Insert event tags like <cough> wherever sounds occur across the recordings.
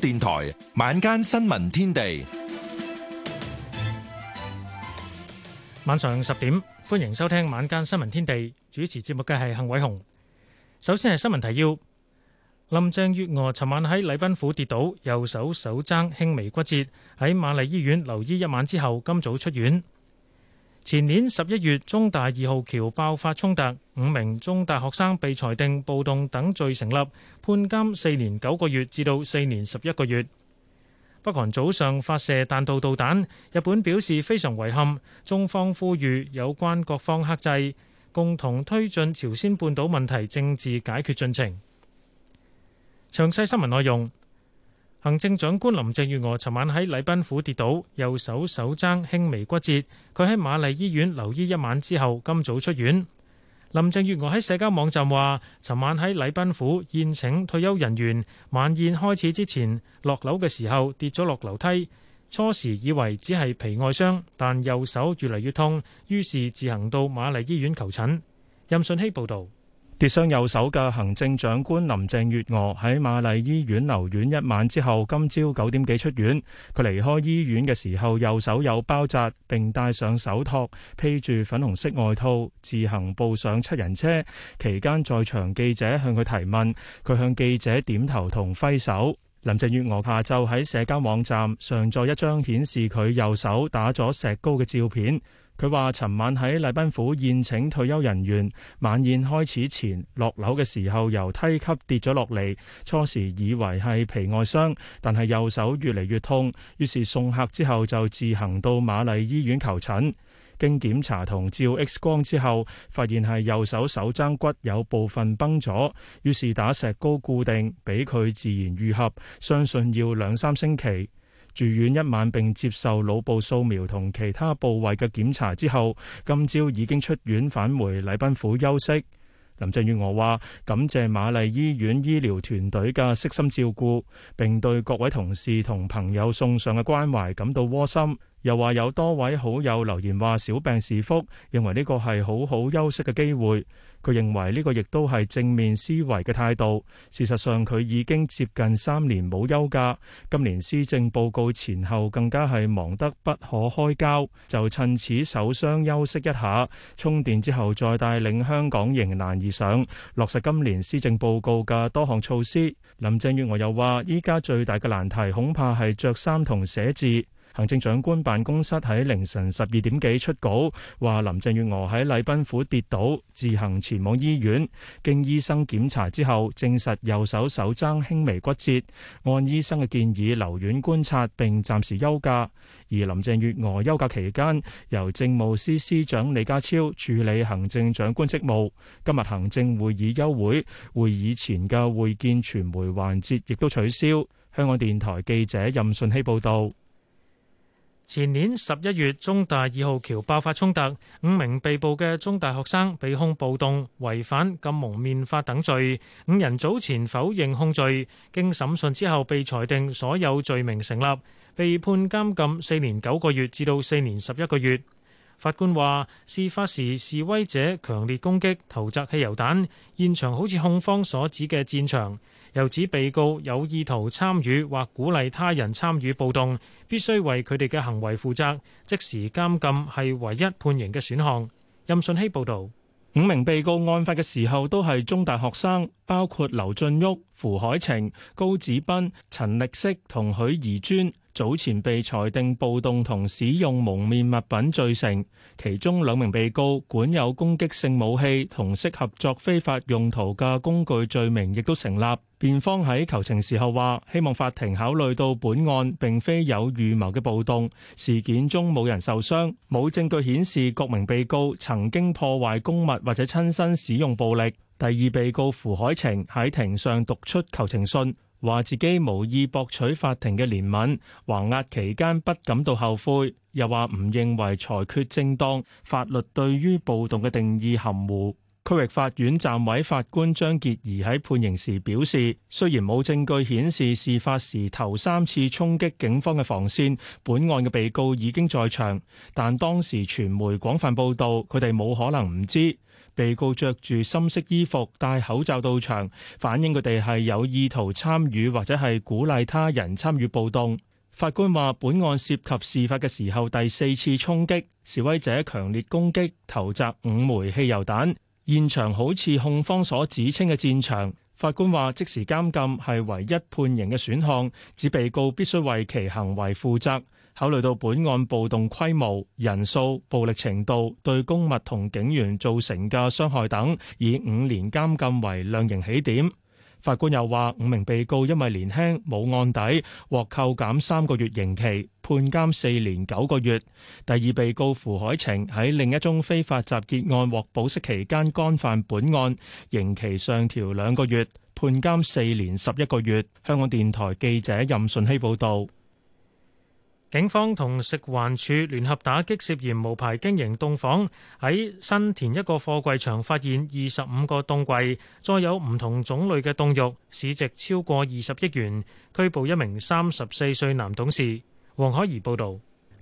電台晚間新聞天地，晚上十點歡迎收聽晚間新聞天地。主持節目嘅係幸偉雄。首先係新聞提要：林鄭月娥尋晚喺禮賓府跌倒，右手手踭輕微骨折，喺瑪麗醫院留醫一晚之後，今早出院。前年十一月，中大二號橋爆發衝突，五名中大學生被裁定暴動等罪成立，判監四年九個月至到四年十一個月。北韓早上發射彈道導彈，日本表示非常遺憾，中方呼籲有關各方克制，共同推進朝鮮半島問題政治解決進程。詳細新聞內容。行政長官林鄭月娥尋晚喺禮賓府跌倒，右手手踭輕微骨折。佢喺瑪麗醫院留醫一晚之後，今早出院。林鄭月娥喺社交網站話，尋晚喺禮賓府宴請退休人員晚宴開始之前，落樓嘅時候跌咗落樓梯。初時以為只係皮外傷，但右手越嚟越痛，於是自行到瑪麗醫院求診。任信希報道。跌傷右手嘅行政長官林鄭月娥喺瑪麗醫院留院一晚之後，今朝九點幾出院。佢離開醫院嘅時候，右手有包紮，並戴上手托，披住粉紅色外套，自行步上七人車。期間在場記者向佢提問，佢向記者點頭同揮手。林鄭月娥下晝喺社交網站上載一張顯示佢右手打咗石膏嘅照片。佢話，尋晚喺禮賓府宴請退休人員，晚宴開始前落樓嘅時候，由梯級跌咗落嚟。初時以為係皮外傷，但係右手越嚟越痛，於是送客之後就自行到瑪麗醫院求診。經檢查同照 X 光之後，發現係右手手踭骨有部分崩咗，於是打石膏固定，俾佢自然愈合。相信要兩三星期。住院一晚並接受腦部掃描同其他部位嘅檢查之後，今朝已經出院返回禮賓府休息。林鄭月娥話：感謝瑪麗醫院醫療團隊嘅悉心照顧，並對各位同事同朋友送上嘅關懷感到窩心。又話有多位好友留言話小病是福，認為呢個係好好休息嘅機會。佢認為呢個亦都係正面思維嘅態度。事實上，佢已經接近三年冇休假，今年施政報告前後更加係忙得不可開交，就趁此受傷休息一下，充電之後再帶領香港迎難而上落實今年施政報告嘅多項措施。林鄭月娥又話：依家最大嘅難題恐怕係着衫同寫字。行政長官辦公室喺凌晨十二點幾出稿，話林鄭月娥喺禮賓府跌倒，自行前往醫院。經醫生檢查之後，證實右手手踭輕微骨折，按醫生嘅建議留院觀察，並暫時休假。而林鄭月娥休假期間，由政務司司長李家超處理行政長官職務。今日行政會議休會，會議前嘅會見傳媒環節亦都取消。香港電台記者任信希報道。前年十一月，中大二號橋爆發衝突，五名被捕嘅中大學生被控暴動、違反禁蒙面法等罪。五人早前否認控罪，經審訊之後被裁定所有罪名成立，被判監禁四年九個月至到四年十一個月。法官話：事發時示威者強烈攻擊、投擲汽油彈，現場好似控方所指嘅戰場。又指被告有意圖參與或鼓勵他人參與暴動，必須為佢哋嘅行為負責，即時監禁係唯一判刑嘅選項。任信希報導，五名被告案發嘅時候都係中大學生，包括劉俊旭、符海晴、高子斌、陳力色同許宜尊。早前被裁定暴動同使用蒙面物品罪成，其中兩名被告管有攻擊性武器同適合作非法用途嘅工具罪名亦都成立。辯方喺求情時候話，希望法庭考慮到本案並非有預謀嘅暴動，事件中冇人受傷，冇證據顯示各名被告曾經破壞公物或者親身使用暴力。第二被告胡海晴喺庭上讀出求情信。話自己無意博取法庭嘅憐憫，橫押期間不感到後悔，又話唔認為裁決正當，法律對於暴動嘅定義含糊。區域法院暫委法官張潔儀喺判刑時表示，雖然冇證據顯示事發時頭三次衝擊警方嘅防線，本案嘅被告已經在場，但當時傳媒廣泛報道，佢哋冇可能唔知。被告着住深色衣服，戴口罩到場，反映佢哋係有意圖參與或者係鼓勵他人參與暴動。法官話，本案涉及事發嘅時候第四次衝擊，示威者強烈攻擊、投擲五枚汽油彈，現場好似控方所指稱嘅戰場。法官話，即時監禁係唯一判刑嘅選項，指被告必須為其行為負責。考慮到本案暴動規模、人數、暴力程度對公物同警員造成嘅傷害等，以五年監禁為量刑起點。法官又話：五名被告因為年輕冇案底，獲扣減三個月刑期，判監四年九個月。第二被告胡海晴喺另一宗非法集結案獲保釋期間干犯本案，刑期上調兩個月，判監四年十一個月。香港電台記者任順希報道。警方同食環署聯合打擊涉嫌無牌經營凍房，喺新田一個貨櫃場發現二十五個凍櫃，再有唔同種類嘅凍肉，市值超過二十億元，拘捕一名三十四歲男董事。黃海怡報道。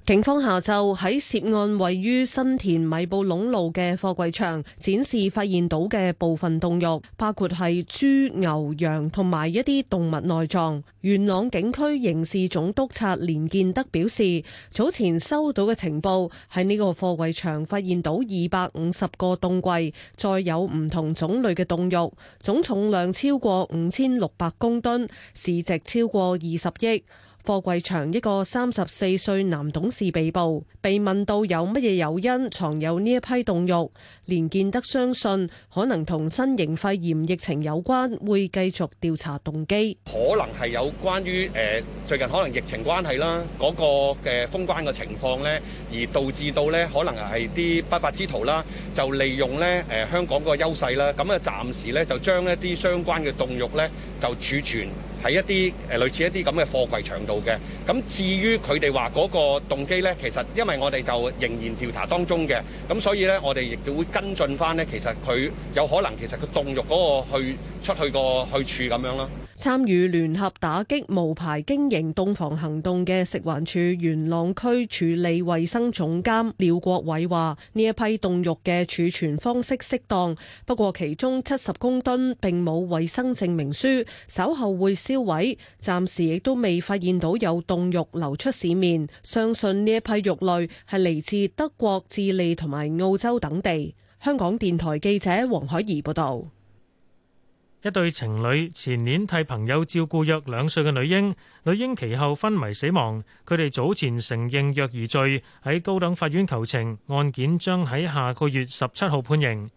警方下晝喺涉案位於新田米布壟路嘅貨櫃場展示發現到嘅部分凍肉，包括係豬、牛、羊同埋一啲動物內臟。元朗警區刑事總督察連建德表示，早前收到嘅情報喺呢個貨櫃場發現到二百五十個凍櫃，再有唔同種類嘅凍肉，總重量超過五千六百公噸，市值超過二十億。貨櫃場一個三十四歲男董事被捕，被問到有乜嘢誘因藏有呢一批凍肉，連建德相信可能同新型肺炎疫情有關，會繼續調查動機。可能係有關於誒最近可能疫情關係啦，嗰個嘅封關嘅情況呢，而導致到呢可能係啲不法之徒啦，就利用呢誒香港個優勢啦，咁啊暫時呢，就將一啲相關嘅凍肉呢，就儲存。喺一啲誒類似一啲咁嘅貨櫃場度嘅，咁至於佢哋話嗰個動機咧，其實因為我哋就仍然調查當中嘅，咁所以咧我哋亦都會跟進翻咧，其實佢有可能其實佢凍肉嗰個去出去個去處咁樣啦。參與聯合打擊無牌經營凍房行動嘅食環署元朗區處理衛生總監廖國偉話呢一批凍肉嘅儲存方式適當，不過其中七十公噸並冇衛生證明書，稍後會消。銷，暫時亦都未發現到有凍肉流出市面。相信呢一批肉類係嚟自德國、智利同埋澳洲等地。香港電台記者黃海怡報道：一對情侶前年替朋友照顧約兩歲嘅女嬰，女嬰其後昏迷死亡。佢哋早前承認虐兒罪，喺高等法院求情，案件將喺下個月十七號判刑。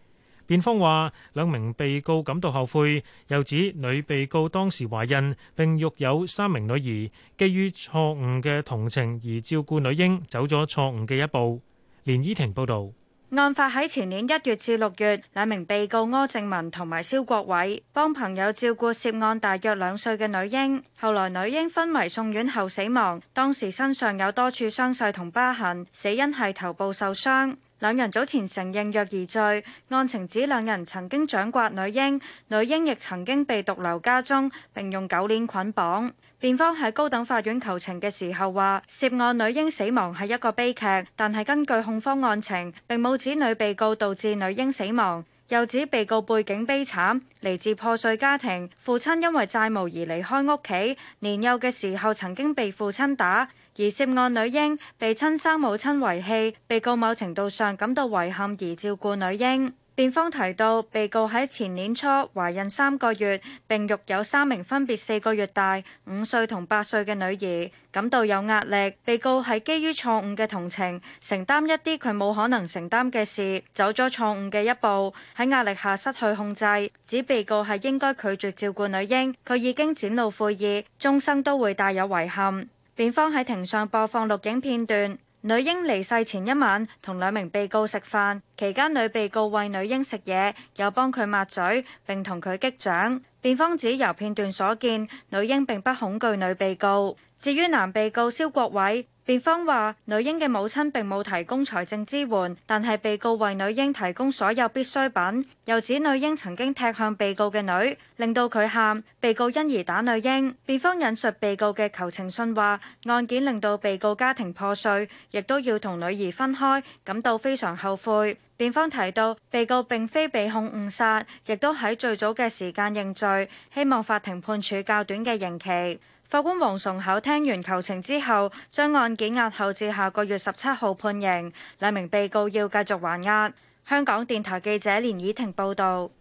辯方話兩名被告感到後悔，又指女被告當時懷孕，並育有三名女兒，基於錯誤嘅同情而照顧女嬰，走咗錯誤嘅一步。連依婷報道，案發喺前年一月至六月，兩名被告柯正文同埋蕭國偉幫朋友照顧涉案大約兩歲嘅女嬰，後來女嬰昏迷送院後死亡，當時身上有多處傷勢同疤痕，死因係頭部受傷。兩人早前承認虐兒罪，案情指兩人曾經掌摑女嬰，女嬰亦曾經被獨留家中，並用狗鏈捆綁。辯方喺高等法院求情嘅時候話，涉案女嬰死亡係一個悲劇，但係根據控方案情，並冇指女被告導致女嬰死亡，又指被告背景悲慘，嚟自破碎家庭，父親因為債務而離開屋企，年幼嘅時候曾經被父親打。而涉案女嬰被親生母親遺棄，被告某程度上感到遺憾而照顧女嬰。辯方提到，被告喺前年初懷孕三個月，並育有三名分別四個月大、五歲同八歲嘅女兒，感到有壓力。被告係基於錯誤嘅同情，承擔一啲佢冇可能承擔嘅事，走咗錯誤嘅一步，喺壓力下失去控制。指被告係應該拒絕照顧女嬰，佢已經展露悔意，終生都會帶有遺憾。辯方喺庭上播放錄影片段，女嬰離世前一晚同兩名被告食飯，期間女被告餵女嬰食嘢，又幫佢抹嘴，並同佢擊掌。辯方指由片段所見，女嬰並不恐懼女被告。至於男被告蕭國偉。辯方話，女嬰嘅母親並冇提供財政支援，但係被告為女嬰提供所有必需品。又指女嬰曾經踢向被告嘅女，令到佢喊，被告因而打女嬰。辯方引述被告嘅求情信話，案件令到被告家庭破碎，亦都要同女兒分開，感到非常後悔。辯方提到，被告並非被控誤殺，亦都喺最早嘅時間認罪，希望法庭判處較短嘅刑期。法官王崇巧聽完求情之後，將案件押後至下個月十七號判刑。兩名被告要繼續還押。香港電台記者連以婷報道。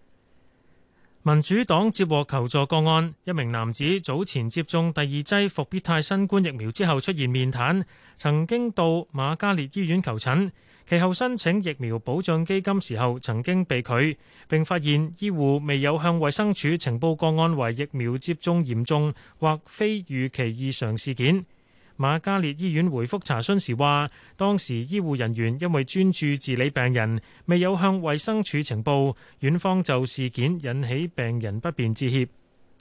民主黨接獲求助個案，一名男子早前接種第二劑復必泰新冠疫苗之後出現面癱，曾經到馬嘉烈醫院求診。其後申請疫苗保障基金時候，曾經被拒。並發現醫護未有向衛生署呈報個案為疫苗接種嚴重或非預期異常事件。馬嘉烈醫院回覆查詢時話，當時醫護人員因為專注治理病人，未有向衛生署呈報。院方就事件引起病人不便致歉。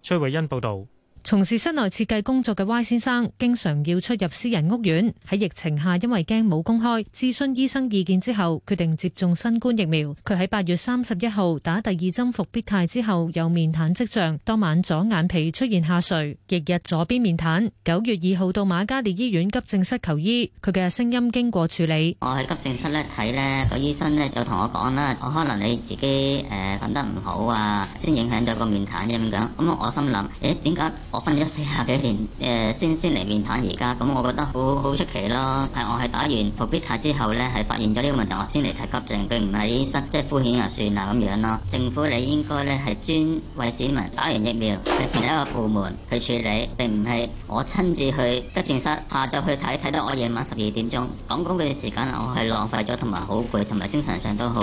崔慧欣報導。從事室內設計工作嘅 Y 先生，經常要出入私人屋苑。喺疫情下，因為驚冇工開，諮詢醫生意見之後，決定接種新冠疫苗。佢喺八月三十一號打第二針復必泰之後，有面癱跡象。當晚左眼皮出現下垂，翌日左邊面癱。九月二號到馬嘉烈醫院急症室求醫。佢嘅聲音經過處理。我喺急症室咧睇呢個醫生呢，就同我講啦：，我可能你自己誒呃、瞓得唔好啊，先影響咗個面癱咁樣。咁我心諗：，誒，點解？我瞓咗四下幾年，誒，先先嚟面談而家，咁我覺得好好出奇咯。係我係打完復必泰之後呢，係發現咗呢個問題，我先嚟睇急症，並唔係醫生即係敷衍就算啦咁樣咯。政府你應該呢係專為市民打完疫苗，係成立一個部門去處理，並唔係我親自去急症室下晝去睇，睇到我夜晚十二點鐘，講講嗰段時間我係浪費咗，同埋好攰，同埋精神上都好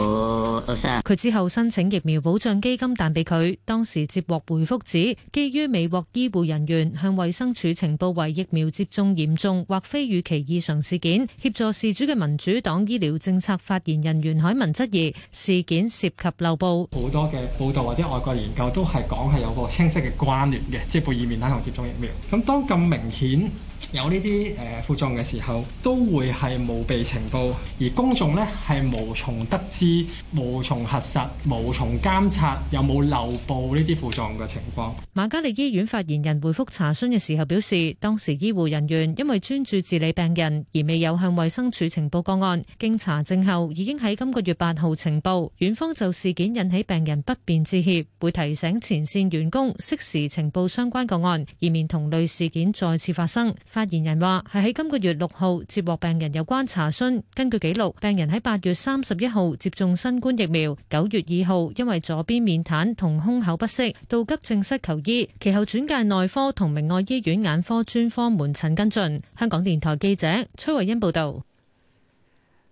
都傷。佢之後申請疫苗保障基金，但俾佢當時接獲回覆指，基於未獲醫保人員向衛生署呈報為疫苗接種嚴重或非預期異常事件。協助事主嘅民主黨醫療政策發言人袁海文質疑事件涉及漏報，好多嘅報道或者外國研究都係講係有個清晰嘅關聯嘅，即係貝爾面癱同接種疫苗。咁當咁明顯。有呢啲誒附狀嘅時候，都會係冇被情報，而公眾呢，係無從得知、無從核實、無從監察，有冇漏報呢啲附狀嘅情況。瑪嘉烈醫院發言人回覆查詢嘅時候表示，當時醫護人員因為專注治理病人而未有向衛生署情報個案，經查證後已經喺今個月八號情報，院方就事件引起病人不便致歉，會提醒前線員工適時情報相關個案，以免同類事件再次發生。發言人話：係喺今個月六號接獲病人有關查詢，根據記錄，病人喺八月三十一號接種新冠疫苗，九月二號因為左邊面癱同胸口不適到急症室求醫，其後轉介內科同明愛醫院眼科專科門診跟進。香港電台記者崔慧欣報道。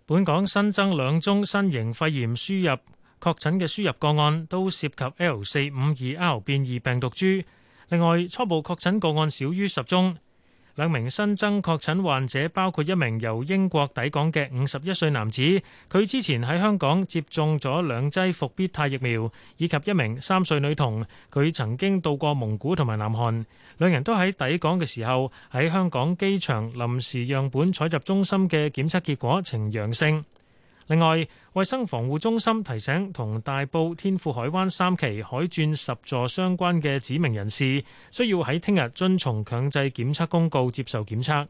本港新增兩宗新型肺炎輸入確診嘅輸入個案，都涉及 L 四五二 R 變異病毒株。另外，初步確診個案少於十宗。兩名新增確診患者包括一名由英國抵港嘅五十一歲男子，佢之前喺香港接種咗兩劑復必泰疫苗，以及一名三歲女童，佢曾經到過蒙古同埋南韓，兩人都喺抵港嘅時候喺香港機場臨時樣本採集中心嘅檢測結果呈陽性。另外，衛生防護中心提醒同大埔天賦海灣三期海鑽十座相關嘅指明人士，需要喺聽日遵從強制檢測公告接受檢測。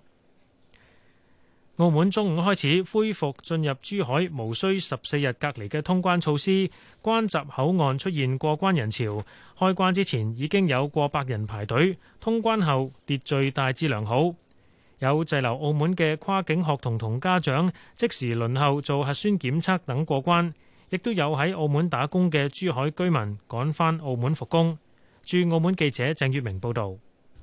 澳門中午開始恢復進入珠海無需十四日隔離嘅通關措施，關閘口岸出現過關人潮，開關之前已經有過百人排隊，通關後秩序大致良好。有滯留澳門嘅跨境學童同家長即時輪候做核酸檢測等過關，亦都有喺澳門打工嘅珠海居民趕返澳門復工。駐澳門記者鄭月明報道。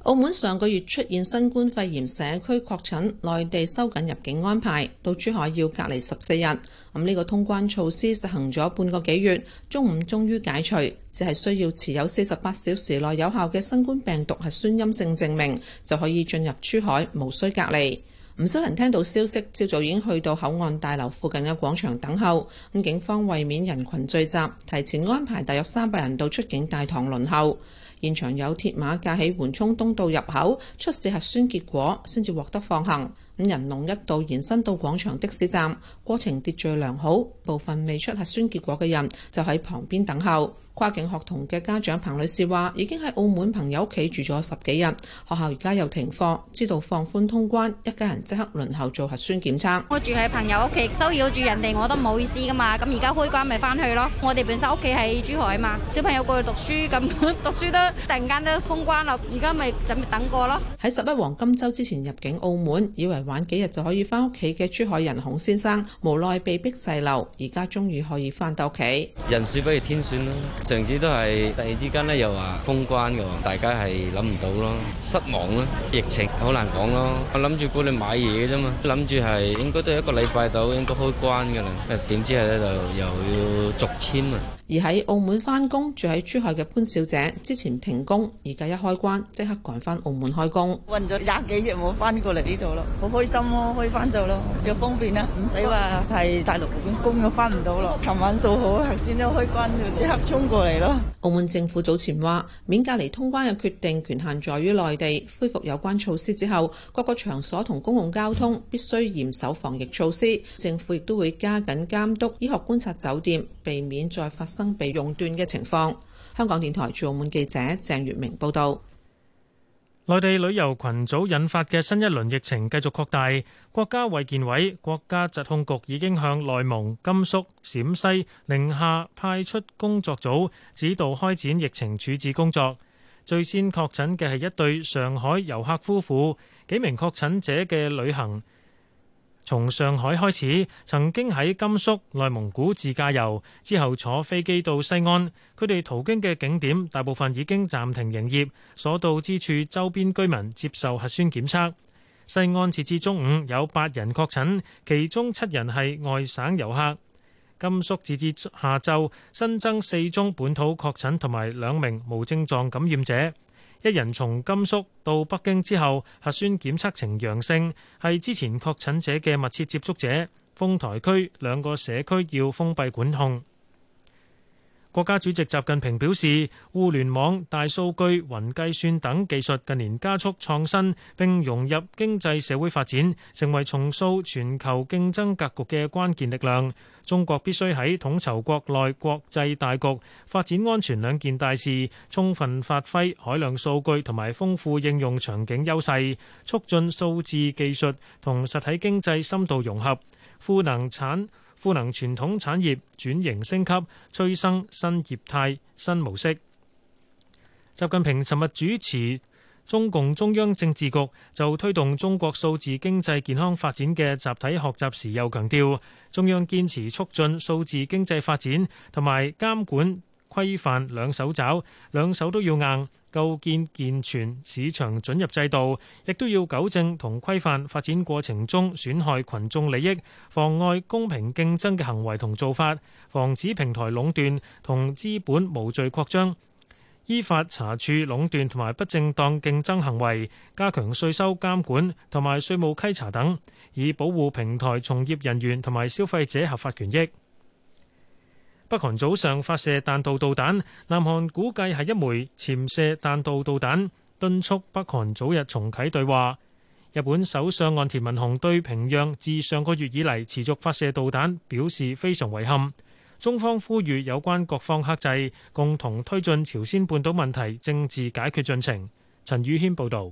澳門上個月出現新冠肺炎社區確診，內地收緊入境安排，到珠海要隔離十四日。咁呢個通關措施實行咗半個幾月，中午終於解除，只係需要持有四十八小時內有效嘅新冠病毒核酸陰性證明，就可以進入珠海，無需隔離。唔少人聽到消息，朝早已經去到口岸大樓附近嘅廣場等候。咁警方為免人群聚集，提前安排大約三百人到出境大堂輪候。現場有鐵馬架起緩衝通道入口，出示核酸結果，先至獲得放行。五人龍一度延伸到廣場的士站，過程秩序良好。部分未出核酸結果嘅人就喺旁邊等候。跨境學童嘅家長彭女士話，已經喺澳門朋友屋企住咗十幾日，學校而家又停課，知道放寬通關，一家人即刻輪候做核酸檢測。我住喺朋友屋企，騷擾住人哋，我都唔好意思噶嘛。咁而家開關咪翻去咯。我哋本身屋企喺珠海啊嘛，小朋友過去讀書，咁讀書都突然間都封關啦。而家咪準備等過咯。喺十一黃金周之前入境澳門，以為，玩幾日就可以翻屋企嘅珠海人孔先生，無奈被逼滯留，而家終於可以翻到屋企。人算不如天算咯，上次都係突然之間咧又話封關嘅喎，大家係諗唔到咯，失望咯，疫情好難講咯。我諗住過你買嘢嘅啫嘛，諗住係應該都一個禮拜到應該開關嘅啦，點知咧就又要續簽啊！而喺澳門翻工住喺珠海嘅潘小姐，之前停工，而家一開關即刻趕翻澳門開工。運咗廿幾日冇翻過嚟呢度咯，好開心咯，啊，可以翻做咯，又方便啦，唔使話係大陸嗰邊工又翻唔到咯。琴 <laughs> 晚做好，頭先都開關就即刻衝過嚟咯。澳門政府早前話免隔離通關嘅決定權限在於內地，恢復有關措施之後，各個場所同公共交通必須嚴守防疫措施。政府亦都會加緊監督醫學觀察酒店，避免再發生。生被用斷嘅情況。香港電台駐澳門記者鄭月明報道：內地旅遊群組引發嘅新一輪疫情繼續擴大，國家衛健委、國家疾控局已經向內蒙、甘肅、陝西、寧夏派出工作組，指導開展疫情處置工作。最先確診嘅係一對上海遊客夫婦，幾名確診者嘅旅行。從上海開始，曾經喺甘肅、內蒙古自駕遊，之後坐飛機到西安。佢哋途經嘅景點大部分已經暫停營業，所到之處周邊居民接受核酸檢測。西安截至中午有八人確診，其中七人係外省遊客。甘肅截至下晝新增四宗本土確診同埋兩名無症狀感染者。一人從甘肅到北京之後，核酸檢測呈陽性，係之前確診者嘅密切接觸者。豐台區兩個社區要封閉管控。國家主席習近平表示，互聯網、大數據、雲計算等技術近年加速創新，並融入經濟社會發展，成為重塑全球競爭格局嘅關鍵力量。中國必須喺統籌國內國際大局、發展安全兩件大事，充分發揮海量數據同埋豐富應用場景優勢，促進數字技術同實體經濟深度融合，賦能產。賦能傳統產業轉型升級，催生新業態、新模式。習近平尋日主持中共中央政治局就推動中國數字經濟健康發展嘅集體學習時，又強調，中央堅持促進數字經濟發展同埋監管規範兩手抓，兩手都要硬。構建健全市場準入制度，亦都要糾正同規範發展過程中損害群眾利益、妨礙公平競爭嘅行為同做法，防止平台壟斷同資本無序擴張，依法查處壟斷同埋不正當競爭行為，加強稅收監管同埋稅務稽查等，以保護平台從業人員同埋消費者合法權益。北韓早上發射彈道導彈，南韓估計係一枚潛射彈道導彈，敦促北韓早日重啟對話。日本首相岸田文雄對平壤自上個月以嚟持續發射導彈表示非常遺憾。中方呼籲有關各方克制，共同推進朝鮮半島問題政治解決進程。陳宇軒報導。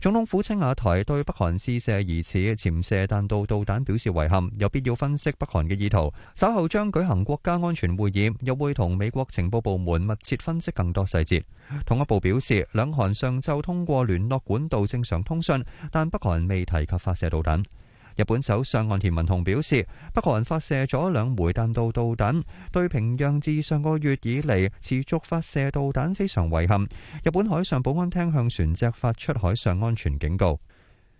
總統府青瓦台對北韓試射疑似潛射彈道導彈表示遺憾，有必要分析北韓嘅意圖。稍後將舉行國家安全會議，又會同美國情報部門密切分析更多細節。統一部表示，兩韓上晝通過聯絡管道正常通訊，但北韓未提及發射導彈。日本首相岸田文雄表示，北韓發射咗兩枚彈道導彈，對平壤自上個月以嚟持續發射導彈非常遺憾。日本海上保安廳向船隻發出海上安全警告。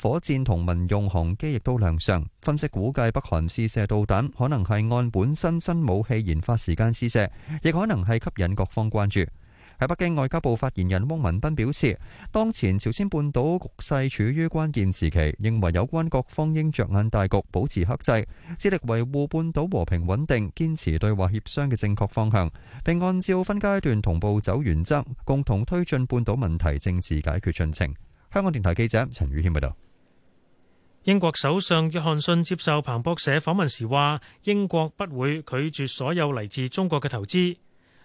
火箭同民用航機亦都亮相。分析估計北韓試射導彈，可能係按本身新武器研發時間試射，亦可能係吸引各方關注。喺北京外交部發言人汪文斌表示，當前朝鮮半島局勢處於關鍵時期，認為有關各方應着眼大局，保持克制，致力維護半島和平穩定，堅持對話協商嘅正確方向，並按照分階段同步走原則，共同推進半島問題政治解決進程。香港電台記者陳宇謙報道。英國首相約翰遜接受彭博社訪問時話：英國不會拒絕所有嚟自中國嘅投資。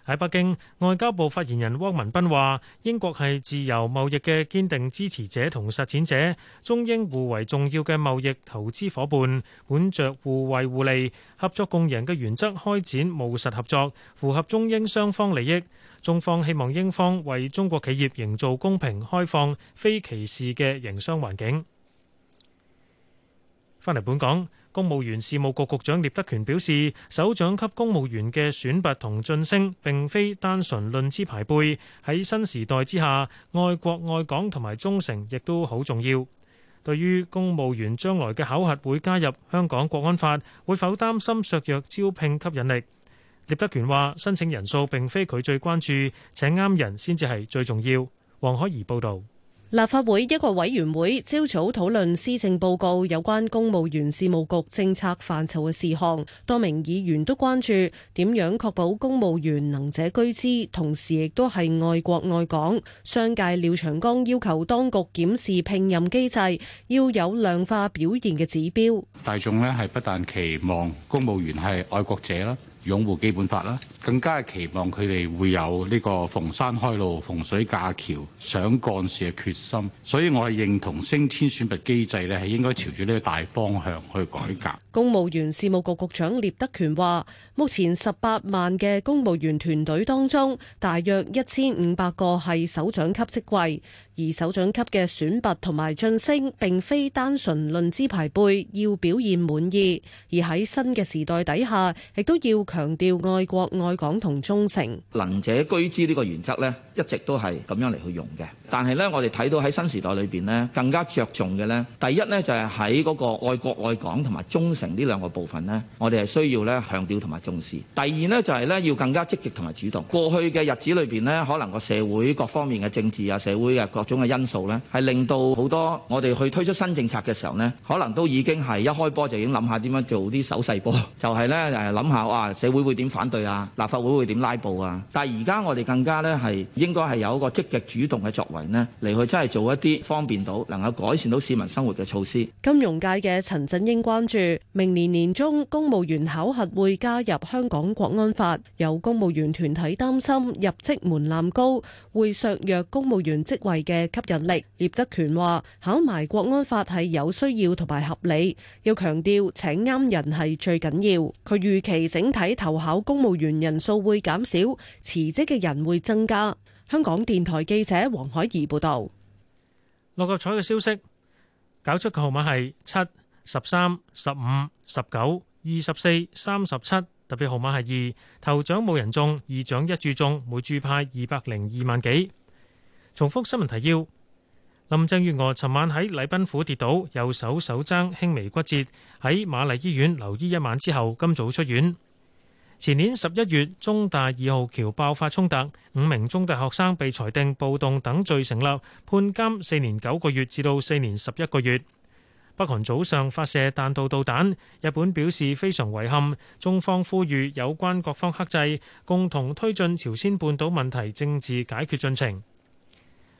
喺北京，外交部發言人汪文斌話：英國係自由貿易嘅堅定支持者同實踐者，中英互為重要嘅貿易投資夥伴，本着互惠互利、合作共贏嘅原則開展務實合作，符合中英雙方利益。中方希望英方為中國企業營造公平、開放、非歧視嘅營商環境。翻嚟本港，公務員事務局局長聶德權表示，首長級公務員嘅選拔同晉升並非單純論資排輩，喺新時代之下，愛國愛港同埋忠誠亦都好重要。對於公務員將來嘅考核會加入香港國安法，會否擔心削弱招聘吸引力？聶德權話，申請人數並非佢最關注，請啱人先至係最重要。黃海怡報道。立法會一個委員會朝早討論施政報告有關公務員事務局政策範疇嘅事項，多名議員都關注點樣確保公務員能者居之，同時亦都係愛國愛港。商界廖長江要求當局檢視聘任機制，要有量化表現嘅指標。大眾呢係不但期望公務員係愛國者啦。擁護基本法啦，更加係期望佢哋會有呢個逢山開路、逢水架橋、想幹事嘅決心，所以我係認同升遷選拔機制咧係應該朝住呢個大方向去改革。公務員事務局局長聶德權話，目前十八萬嘅公務員團隊當中，大約一千五百個係首長級職位。而首長級嘅選拔同埋晉升，並非單純論資排輩，要表現滿意，而喺新嘅時代底下，亦都要強調愛國愛港同忠誠，能者居之呢個原則呢，一直都係咁樣嚟去用嘅，但係呢，我哋睇到喺新時代裏邊呢，更加着重嘅呢，第一呢，就係喺嗰個愛國愛港同埋忠誠呢兩個部分呢，我哋係需要呢強調同埋重視。第二呢，就係呢要更加積極同埋主動。過去嘅日子裏邊呢，可能個社會各方面嘅政治啊、社會嘅各種嘅因素呢，係令到好多我哋去推出新政策嘅時候呢，可能都已經係一開波就已經諗下點樣做啲手勢波，就係呢，誒諗下哇社會會點反對啊，立法會會點拉布啊。但係而家我哋更加呢係。應該係有一個積極主動嘅作為呢嚟去真係做一啲方便到、能夠改善到市民生活嘅措施。金融界嘅陳振英關注明年年中公務員考核會加入香港國安法，有公務員團體擔心入職門檻高，會削弱公務員職位嘅吸引力。葉德權話：考埋國安法係有需要同埋合理，要強調請啱人係最緊要。佢預期整體投考公務員人數會減少，辭職嘅人會增加。香港電台記者黃海怡報道：六合彩嘅消息，搞出嘅號碼係七、十三、十五、十九、二十四、三十七，特別號碼係二。頭獎冇人中，二獎一注中，每注派二百零二萬幾。重複新聞提要：林鄭月娥尋晚喺禮賓府跌倒，右手手踭輕微骨折，喺瑪麗醫院留醫一晚之後，今早出院。前年十一月，中大二號橋爆發衝突，五名中大學生被裁定暴動等罪成立，判監四年九個月至到四年十一個月。北韓早上發射彈道導彈，日本表示非常遺憾。中方呼籲有關各方克制，共同推進朝鮮半島問題政治解決進程。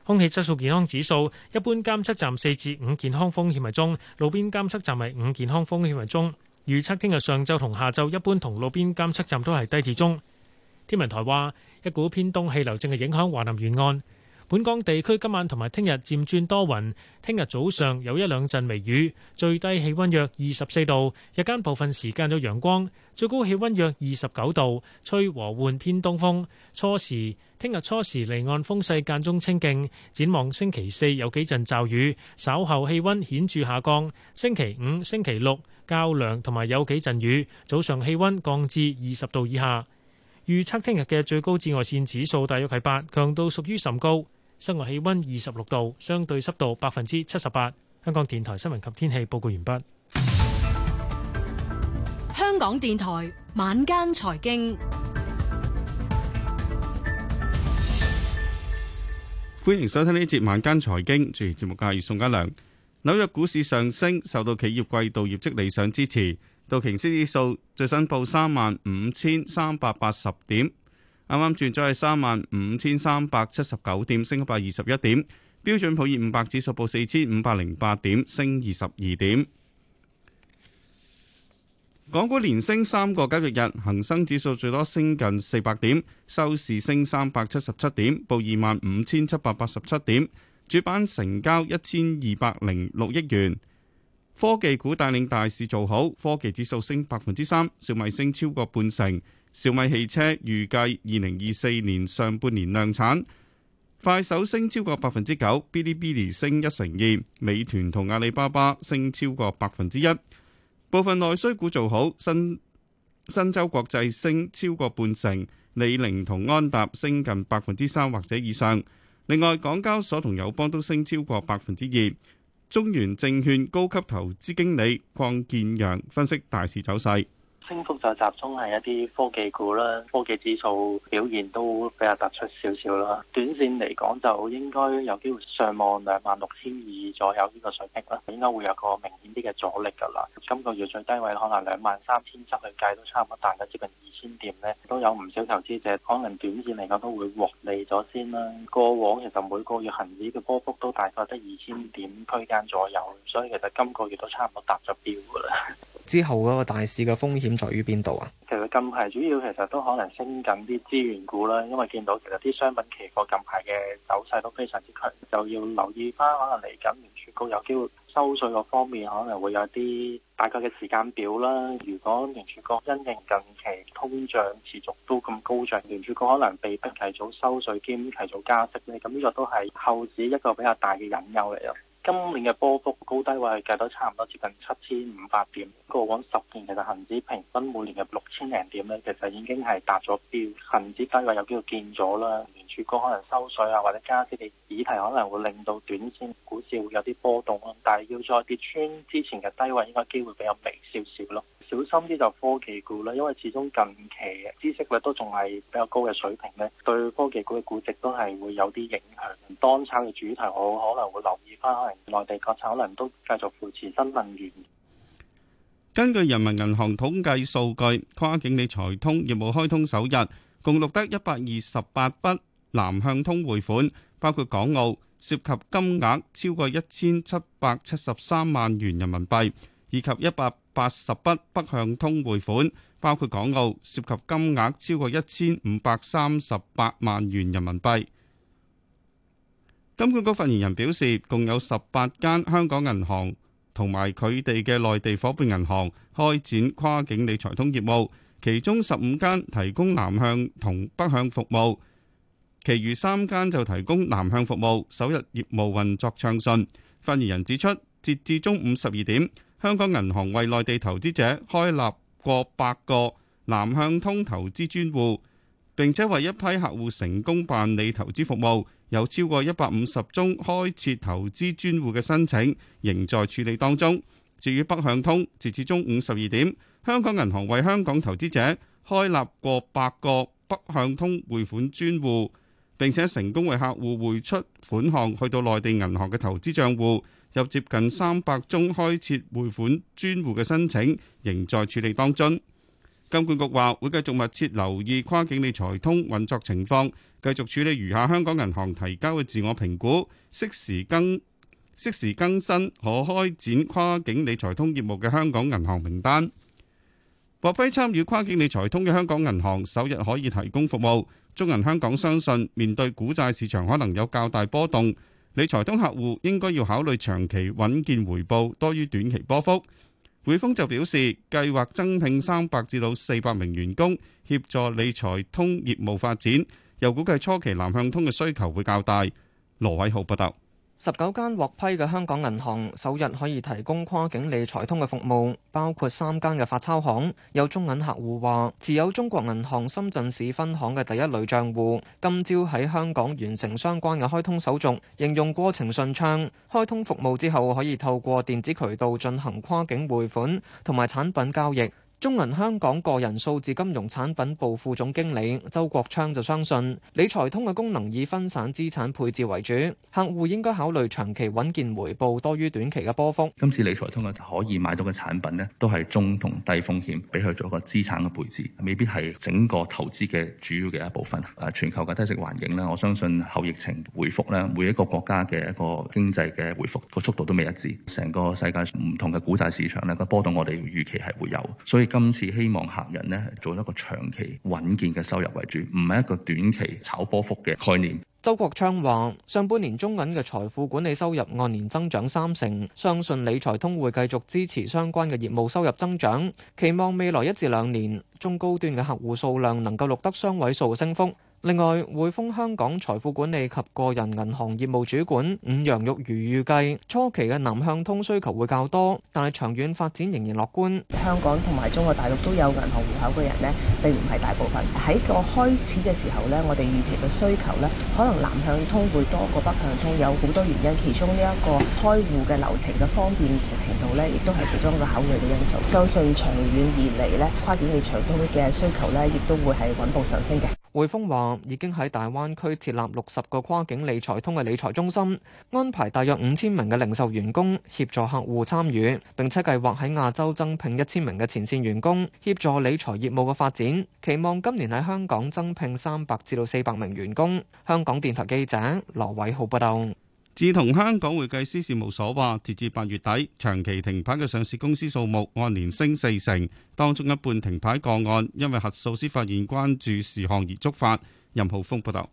空氣質素健康指數，一般監測站四至五健康風險為中，路邊監測站係五健康風險為中。預測聽日上晝同下晝一般，同路邊監測站都係低至中。天文台話，一股偏東氣流正係影響華南沿岸。本港地區今晚同埋聽日漸轉多雲，聽日早上有一兩陣微雨，最低氣温約二十四度，日間部分時間有陽光，最高氣温約二十九度，吹和緩偏東風。初時聽日初時離岸風勢間中清勁，展望星期四有幾陣驟雨，稍後氣温顯著下降。星期五、星期六較涼，同埋有幾陣雨，早上氣温降至二十度以下。預測聽日嘅最高紫外線指數大約係八，強度屬於甚高。室外氣溫二十六度，相對濕度百分之七十八。香港電台新聞及天氣報告完畢。香港電台晚間財經，歡迎收聽呢一節晚間財經。主持節目嘅係宋家良。紐約股市上升，受到企業季度業績理想支持。道瓊斯指數最新報三萬五千三百八十點。啱啱轉咗係三萬五千三百七十九點，升一百二十一點。標準普爾五百指數報四千五百零八點，升二十二點。港股連升三個交易日，恒生指數最多升近四百點，收市升三百七十七點，報二萬五千七百八十七點。主板成交一千二百零六億元。科技股帶領大市做好，科技指數升百分之三，小米升超過半成。小米汽車預計二零二四年上半年量產。快手升超過百分之九，Bilibili 升一成二，美團同阿里巴巴升超過百分之一。部分內需股做好，新申洲國際升超過半成，李寧同安踏升近百分之三或者以上。另外，港交所同友邦都升超過百分之二。中原證券高級投資經理鄺建陽分析大市走勢。升幅就集中係一啲科技股啦，科技指數表現都比較突出少少啦。短線嚟講就應該有機會上望兩萬六千二左右呢個水平啦，應該會有個明顯啲嘅阻力噶啦。今個月最低位可能兩萬三千七去計都差唔多，大概接近二千點咧，都有唔少投資者可能短線嚟講都會獲利咗先啦。過往其實每個月恒指嘅波幅都大概得二千點區間左右，所以其實今個月都差唔多達咗標噶啦。之後嗰個大市嘅風險。在於邊度啊？其實近排主要其實都可能升緊啲資源股啦，因為見到其實啲商品期貨近排嘅走勢都非常之強，就要留意返可能嚟緊聯儲局有機會收水嗰方面可能會有啲大概嘅時間表啦。如果聯儲局因應近期通脹持續都咁高漲，聯儲局可能被迫提早收水兼提早加息咧，咁呢個都係後市一個比較大嘅隱憂嚟嘅。今年嘅波幅高低位係計到差唔多接近七千五百點。過往十年其實恒指平均每年嘅六千零點咧，其實已經係達咗標，恒指低位有機會見咗啦。聯儲局可能收水啊，或者加息嘅議題可能會令到短線股市會有啲波動咯、啊。但係要再跌穿之前嘅低位，應該機會比較微少少咯。小心啲就科技股啦，因為始終近期嘅知識率都仲係比較高嘅水平咧，對科技股嘅估值都係會有啲影響。當炒嘅主題，我可能會留意翻可能內地國產，可能都繼續扶持新能源。根據人民銀行統計數據，跨境理財通業務開通首日共錄得一百二十八筆南向通匯款，包括港澳，涉及金額超過一千七百七十三萬元人民幣，以及一百八十筆北向通匯款，包括港澳，涉及金額超過一千五百三十八萬元人民幣。金管局發言人表示，共有十八間香港銀行同埋佢哋嘅內地夥伴銀行開展跨境理財通業務，其中十五間提供南向同北向服務，其餘三間就提供南向服務。首日業務運作暢順。發言人指出，截至中午十二點。香港銀行為內地投資者開立過百個南向通投資專戶，並且為一批客戶成功辦理投資服務。有超過一百五十宗開設投資專戶嘅申請仍在處理當中。至於北向通，截至中午十二點，香港銀行為香港投資者開立過百個北向通匯款專戶，並且成功為客戶匯出款項去到內地銀行嘅投資帳戶。有接近三百宗開設匯款專戶嘅申請仍在處理當中。金管局話會繼續密切留意跨境理財通運作情況，繼續處理餘下香港銀行提交嘅自我評估，適時更適時更新可開展跨境理財通業務嘅香港銀行名單。獲批參與跨境理財通嘅香港銀行首日可以提供服務。中銀香港相信面對股債市場可能有較大波動。理財通客戶應該要考慮長期穩健回報多於短期波幅。匯豐就表示，計劃增聘三百至到四百名員工協助理財通業務發展，又估計初期南向通嘅需求會較大。羅偉浩報道。十九間獲批嘅香港銀行首日可以提供跨境理財通嘅服務，包括三間嘅發鈔行。有中銀客戶話，持有中國銀行深圳市分行嘅第一類賬戶，今朝喺香港完成相關嘅開通手續，應用過程順暢。開通服務之後，可以透過電子渠道進行跨境匯款同埋產品交易。中銀香港個人數字金融產品部副總經理周國昌就相信理財通嘅功能以分散資產配置為主，客戶應該考慮長期穩健回報多於短期嘅波幅。今次理財通嘅可以買到嘅產品咧，都係中同低風險，俾佢做一個資產嘅配置，未必係整個投資嘅主要嘅一部分。誒，全球嘅低息環境咧，我相信後疫情回復咧，每一個國家嘅一個經濟嘅回復個速度都未一致，成個世界唔同嘅股債市場咧，個波動，我哋預期係會有，所以。今次希望客人呢做一個長期穩健嘅收入為主，唔係一個短期炒波幅嘅概念。周國昌話：上半年中銀嘅財富管理收入按年增長三成，相信理財通會繼續支持相關嘅業務收入增長，期望未來一至兩年，中高端嘅客戶數量能夠錄得雙位數升幅。另外，匯豐香港財富管理及個人銀行業務主管伍楊玉如預計初期嘅南向通需求會較多，但係長遠發展仍然樂觀。香港同埋中國大陸都有銀行戶口嘅人呢，並唔係大部分。喺個開始嘅時候呢，我哋預期嘅需求呢，可能南向通會多過北向通，有好多原因，其中呢一個開戶嘅流程嘅方便程度呢，亦都係其中一個考慮嘅因素。相信長遠而嚟呢，跨境嘅長通嘅需求呢，亦都會係穩步上升嘅。匯豐話已經喺大灣區設立六十個跨境理財通嘅理財中心，安排大約五千名嘅零售員工協助客戶參與，並且計劃喺亞洲增聘一千名嘅前線員工協助理財業務嘅發展，期望今年喺香港增聘三百至到四百名員工。香港電台記者羅偉浩報道。自同香港會計師事務所話，截至八月底，長期停牌嘅上市公司數目按年升四成，當中一半停牌個案因為核數師發現關注事項而觸發。任浩峰報道。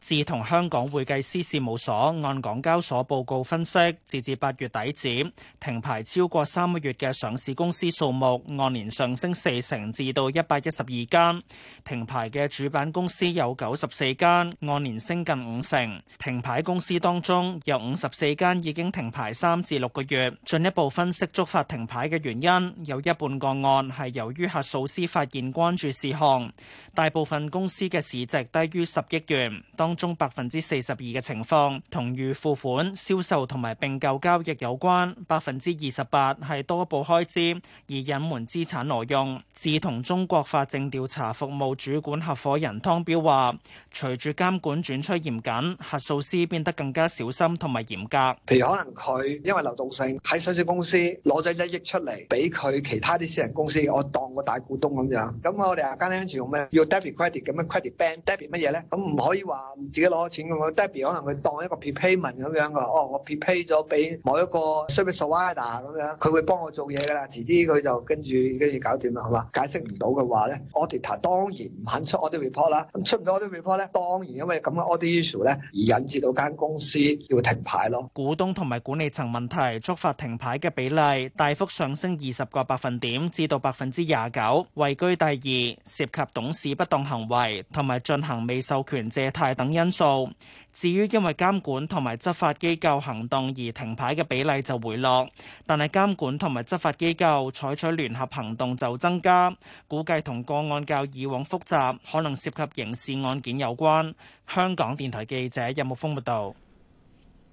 自同香港會計師事務所按港交所報告分析，截至八月底止，停牌超過三個月嘅上市公司數目按年上升四成，至到一百一十二間。停牌嘅主板公司有九十四間，按年升近五成。停牌公司當中，有五十四間已經停牌三至六個月。進一步分析觸發停牌嘅原因，有一半個案係由於核數師發現關注事項。大部分公司嘅市值低於十億元，當中百分之四十二嘅情況同預付款、銷售同埋併購交易有關，百分之二十八係多部開支，而隱瞞資產挪用。致同中國法證調查服務主管合夥人湯彪話，隨住監管轉趨嚴謹，核數師變得更加小心同埋嚴格。譬如可能佢因為流動性喺上市公司攞咗一億出嚟，俾佢其他啲私人公司，我當個大股東咁樣，咁我哋啊家鄉住用咩？Debbie credit 咁樣 credit ban，Debbie 乜嘢咧？咁唔可以話唔自己攞錢嘅 Debbie 可能佢當一個 payment 咁樣嘅，哦，我 payment 咗俾某一個 service provider 咁樣，佢會幫我做嘢嘅啦。遲啲佢就跟住跟住搞掂啦，係嘛？解釋唔到嘅話咧，auditor 當然唔肯出我啲 report 啦。咁出唔到我啲 report 咧，當然因為咁嘅 audit issue 咧，而引致到間公司要停牌咯。股東同埋管理層問題觸發停牌嘅比例大幅上升二十個百分點至到百分之廿九，位居第二，涉及董事。不當行為同埋進行未授權借貸等因素。至於因為監管同埋執法機構行動而停牌嘅比例就回落，但係監管同埋執法機構採取聯合行動就增加，估計同個案較以往複雜，可能涉及刑事案件有關。香港電台記者任木峰報道。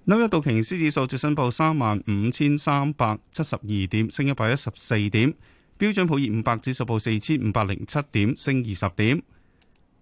紐約道瓊斯指數最新報三萬五千三百七十二點，升一百一十四點。標準普爾五百指數報四千五百零七點，升二十點。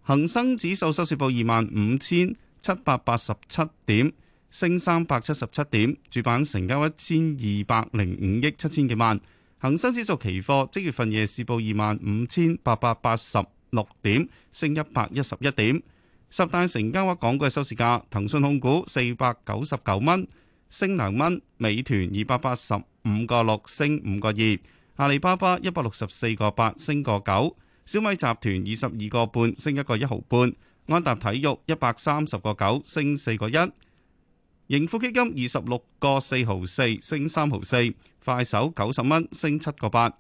恒生指數收市報二萬五千七百八十七點，升三百七十七點。主板成交一千二百零五億七千幾萬。恒生指數期貨即月份夜市報二萬五千八百八十六點，升一百一十一點。十大成交額港股嘅收市價，騰訊控股四百九十九蚊，升兩蚊；美團二百八十五個六，升五個二。阿里巴巴一百六十四個八升個九，小米集團二十二個半升一個一毫半，安踏體育一百三十個九升四個一，盈富基金二十六個四毫四升三毫四，快手九十蚊升七個八，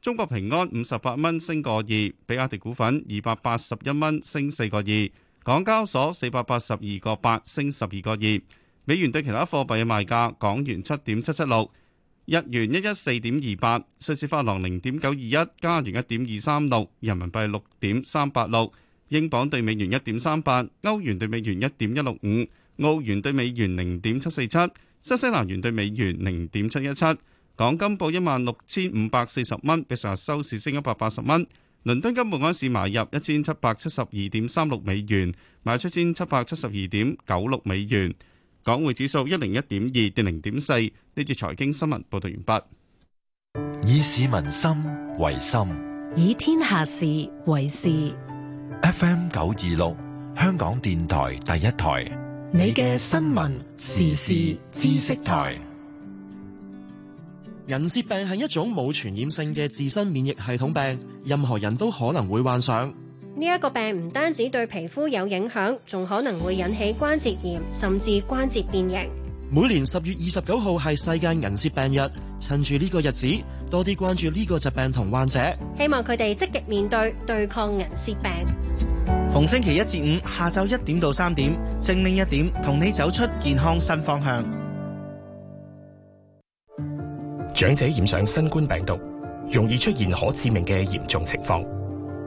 中國平安五十八蚊升個二，比亞迪股份二百八十一蚊升四個二，港交所四百八十二個八升十二個二，美元對其他貨幣嘅賣價，港元七點七七六。日元一一四點二八，瑞士法郎零點九二一，加元一點二三六，人民幣六點三八六，英鎊兌美元一點三八，歐元兌美元一點一六五，澳元兌美元零點七四七，新西蘭元兌美元零點七一七。港金報一萬六千五百四十蚊，比上日收市升一百八十蚊。倫敦金每盎司買入一千七百七十二點三六美元，賣出一千七百七十二點九六美元。港匯指數一零一點二跌零點四，呢段財經新聞報道完畢。以市民心為心，以天下事為事。F M 九二六，香港電台第一台，你嘅新聞時事知識台。銀屑病係一種冇傳染性嘅自身免疫系統病，任何人都可能會患上。呢一個病唔單止對皮膚有影響，仲可能會引起關節炎，甚至關節變形。每年十月二十九號係世界銀屑病日，趁住呢個日子多啲關注呢個疾病同患者，希望佢哋積極面對對抗銀屑病。逢星期一至五下晝一點到三點，精靈一點同你走出健康新方向。長者染上新冠病毒，容易出現可致命嘅嚴重情況。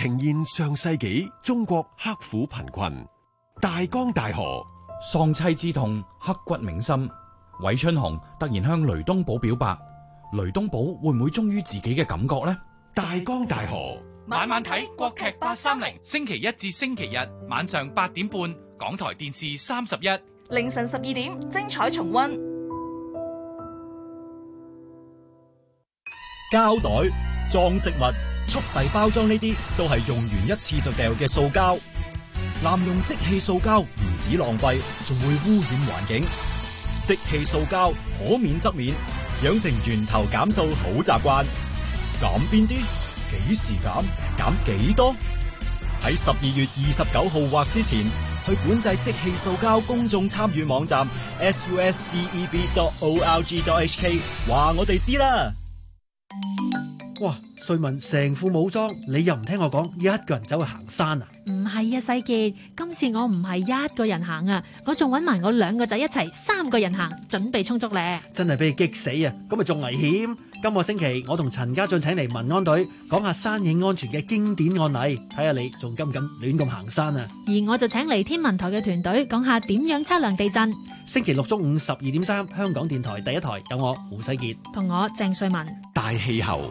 呈現上世紀中國刻苦貧困，大江大河，喪妻之痛刻骨銘心。韋春紅突然向雷東寶表白，雷東寶會唔會忠於自己嘅感覺呢？大江大河，晚晚睇國劇八三零，星期一至星期日晚上八點半，港台電視三十一，凌晨十二點精彩重溫。膠袋裝飾物、速遞包裝呢啲都係用完一次就掉嘅塑膠，濫用即棄塑膠唔止浪費，仲會污染環境。即棄塑膠可免則免，養成源頭減塑好習慣。減邊啲？幾時減？減幾多？喺十二月二十九號或之前去管制即棄塑膠公眾參與網站 s u s d e v dot o r g dot h k，話我哋知啦。哇！瑞文，成副武裝，你又唔聽我講，一個人走去行山啊？唔係啊，世杰，今次我唔係一個人行啊，我仲揾埋我兩個仔一齊，三個人行，準備充足咧。真係俾你激死啊！咁咪仲危險？今個星期我同陳家俊請嚟民安隊講下山影安全嘅經典案例，睇下你仲敢唔敢亂咁行山啊？而我就請嚟天文台嘅團隊講下點樣測量地震。星期六中午十二點三，香港電台第一台有我胡世杰同我鄭瑞文大氣候。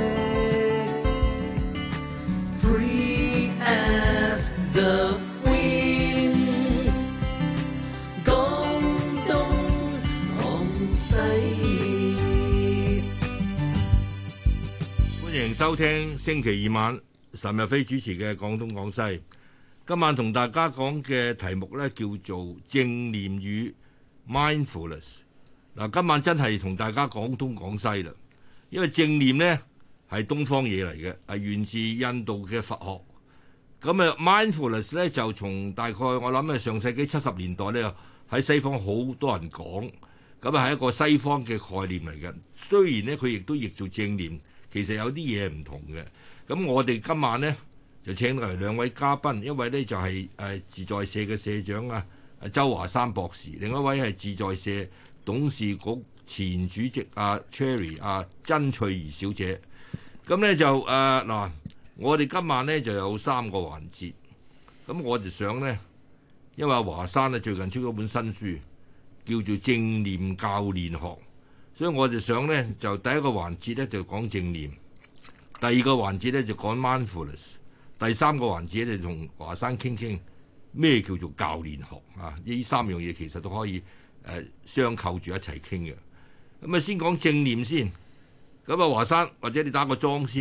收聽星期二晚岑日飛主持嘅《講東講西》，今晚同大家講嘅題目呢叫做正念與 Mindfulness。嗱，今晚真係同大家講東講西啦，因為正念呢係東方嘢嚟嘅，係源自印度嘅佛學。咁、嗯、啊，Mindfulness 呢就從大概我諗係上世紀七十年代呢，喺西方好多人講，咁啊係一個西方嘅概念嚟嘅。雖然呢，佢亦都譯做正念。其實有啲嘢唔同嘅，咁我哋今晚呢，就請嚟兩位嘉賓，一位呢就係、是、誒、呃、自在社嘅社長啊周華山博士，另一位係自在社董事局前主席啊 Cherry 啊曾翠怡小姐。咁呢，就誒嗱、呃，我哋今晚呢就有三個環節。咁我就想呢，因為華山呢最近出咗本新書，叫做《正念教練學》。所以我就想咧，就第一個環節咧，就講正念，第二個環節咧，就講 mindfulness，第三個環節咧，就同華生傾傾咩叫做教練學啊！呢三樣嘢其實都可以誒相、呃、扣住一齊傾嘅。咁啊，先講正念先。咁啊，華生或者你打個莊先。